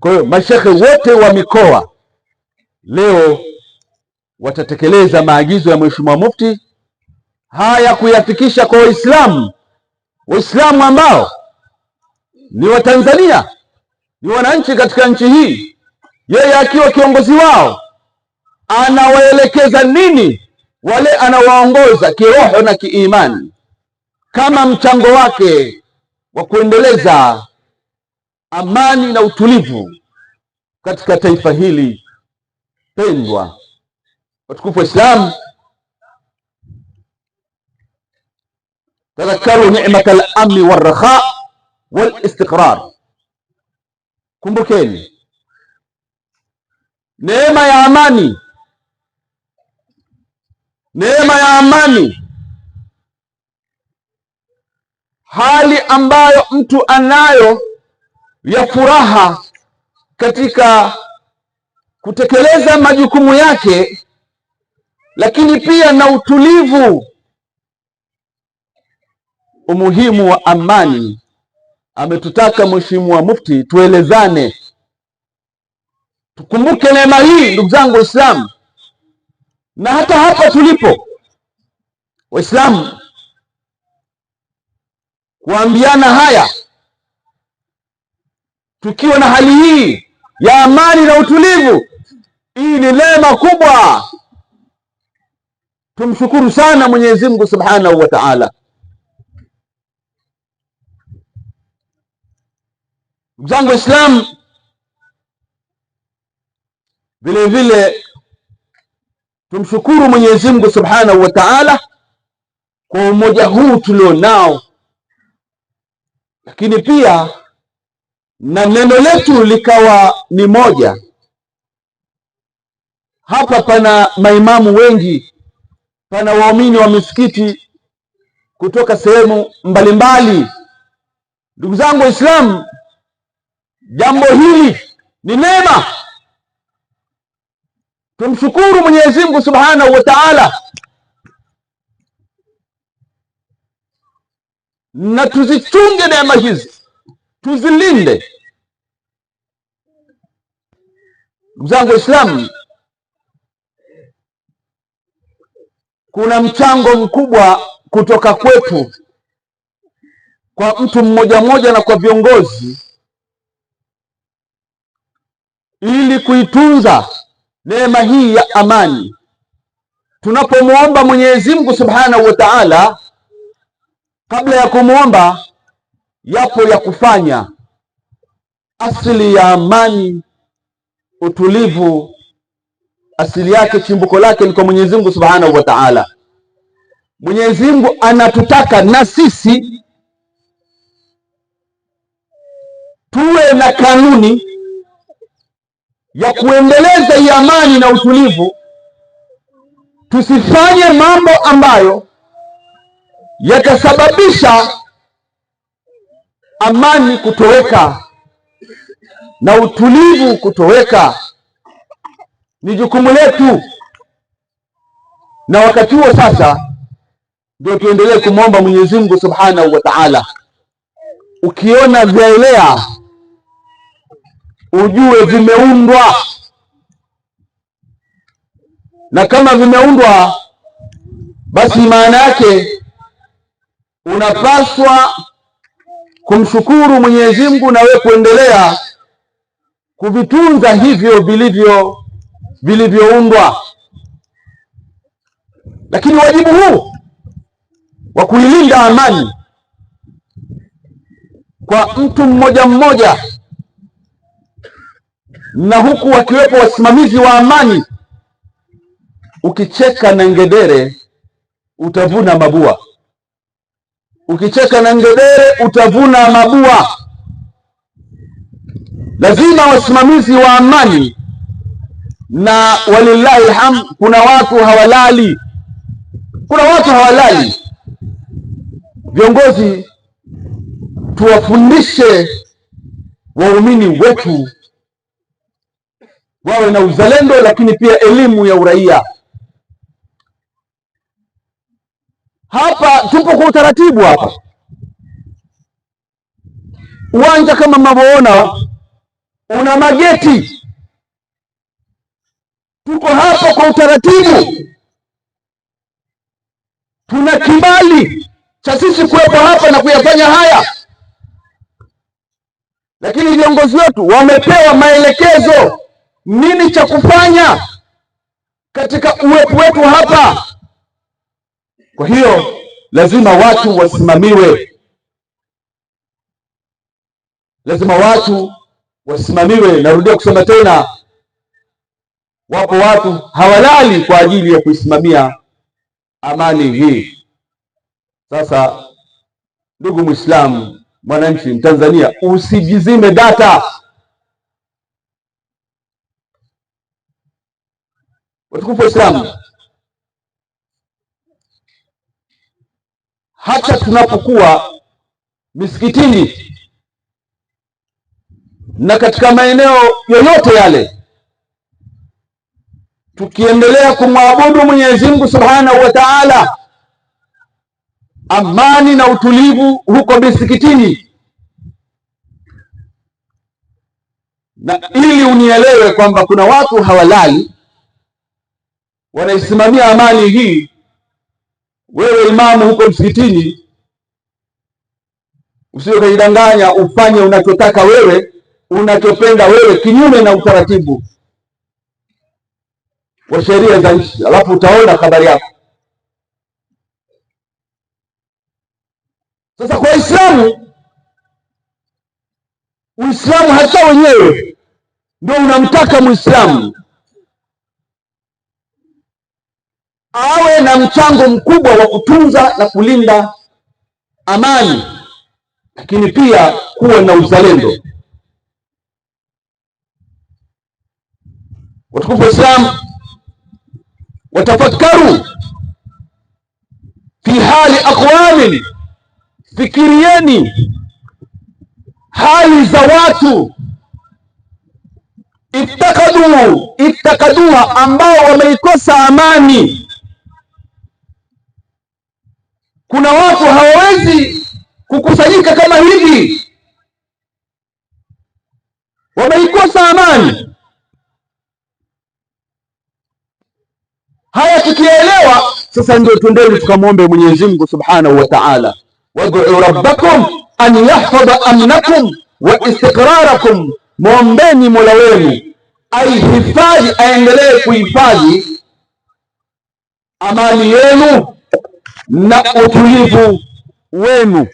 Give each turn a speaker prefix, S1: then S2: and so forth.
S1: Kwa hiyo mashehe wote wa mikoa leo watatekeleza maagizo ya Mheshimiwa Mufti haya kuyafikisha kwa Waislamu, Waislamu ambao ni Watanzania, ni wananchi katika nchi hii. Yeye akiwa kiongozi wao anawaelekeza nini wale anawaongoza kiroho na kiimani, kama mchango wake wa kuendeleza amani na utulivu katika taifa hili pendwa. Watukufu Waislamu, tadhakaru ni'mat al-amni war-rakha wal-istiqrar, kumbukeni neema ya amani, neema ya amani, hali ambayo mtu anayo ya furaha katika kutekeleza majukumu yake, lakini pia na utulivu, umuhimu wa amani. Ametutaka Mheshimiwa Mufti tuelezane, tukumbuke neema hii, ndugu zangu Waislamu, na hata hapa tulipo Waislamu kuambiana haya Tukiwa na hali hii ya amani na utulivu, hii ni neema kubwa. Tumshukuru sana Mwenyezi Mungu Subhanahu wa Ta'ala. Ndugu zangu vile vile tumshukuru Mwenyezi Mungu Subhanahu wa Ta'ala kwa umoja huu tulionao, lakini pia na neno letu likawa ni moja. Hapa pana maimamu wengi, pana waumini wa misikiti kutoka sehemu mbalimbali. Ndugu zangu Waislamu, jambo hili ni neema. Tumshukuru Mwenyezi Mungu Subhanahu wa Ta'ala, na tuzichunge neema hizi tuzilinde. Ndugu zangu Waislamu, kuna mchango mkubwa kutoka kwetu kwa mtu mmoja mmoja na kwa viongozi ili kuitunza neema hii ya amani. Tunapomwomba Mwenyezi Mungu Subhanahu wa Ta'ala, kabla ya kumwomba yapo ya kufanya asili ya amani, utulivu, asili yake, chimbuko lake ni kwa Mwenyezi Mungu Subhanahu wa Ta'ala. Mwenyezi Mungu anatutaka na sisi tuwe na kanuni ya kuendeleza hii amani na utulivu, tusifanye mambo ambayo yatasababisha amani kutoweka na utulivu kutoweka, ni jukumu letu, na wakati huo sasa ndio tuendelee kumwomba Mwenyezi Mungu Subhanahu wa Ta'ala. Ukiona vyaelea ujue vimeundwa, na kama vimeundwa, basi maana yake unapaswa kumshukuru Mwenyezi Mungu na wewe kuendelea kuvitunza hivyo vilivyo vilivyoundwa. Lakini wajibu huu wa kuilinda amani kwa mtu mmoja mmoja, na huku wakiwepo wasimamizi wa amani, ukicheka na ngedere utavuna mabua. Ukicheka na ngedere utavuna mabua. Lazima wasimamizi wa amani, na walillahi ham, kuna watu hawalali, kuna watu hawalali. Viongozi tuwafundishe waumini wetu wawe na uzalendo, lakini pia elimu ya uraia. Hapa tupo kwa utaratibu hapa. Uwanja kama mnavyoona una mageti. Tuko hapa kwa utaratibu, tuna kibali cha sisi kuwepo hapa na kuyafanya haya, lakini viongozi wetu wamepewa maelekezo nini cha kufanya katika uwepo wetu hapa. Kwa hiyo lazima watu wasimamiwe, lazima watu wasimamiwe. Narudia kusema tena, wapo watu hawalali kwa ajili ya kuisimamia amani hii. Sasa ndugu Muislamu, mwananchi Mtanzania, usijizime data. Watukufu Waislamu, hata tunapokuwa misikitini na katika maeneo yoyote yale, tukiendelea kumwabudu Mwenyezi Mungu Subhanahu wa Ta'ala, amani na utulivu huko misikitini. Na ili unielewe kwamba kuna watu hawalali wanaisimamia amani hii wewe imamu huko msikitini, usije kujidanganya ufanye unachotaka wewe, unachopenda wewe, kinyume na utaratibu wa sheria za nchi, alafu utaona habari yako. Sasa kwa Waislamu, Uislamu hata wenyewe ndio unamtaka Muislamu awe na mchango mkubwa wa kutunza na kulinda amani, lakini pia kuwa na uzalendo. Watukufu wa Islam, watafakaru fi hali aqwamin, fikirieni hali za watu itakadu itakaduha, ambao wameikosa amani kuna watu hawawezi kukusanyika kama hivi, wameikosa amani. Haya tukielewa sasa, ndio twendeni tukamwombe Mwenyezi Mungu Subhanahu wa Ta'ala, wad'u rabbakum an yahfadha amnakum wa istiqrarakum, mwombeni mola wenu aihifadhi, aendelee kuhifadhi amani yenu na utulivu wenu.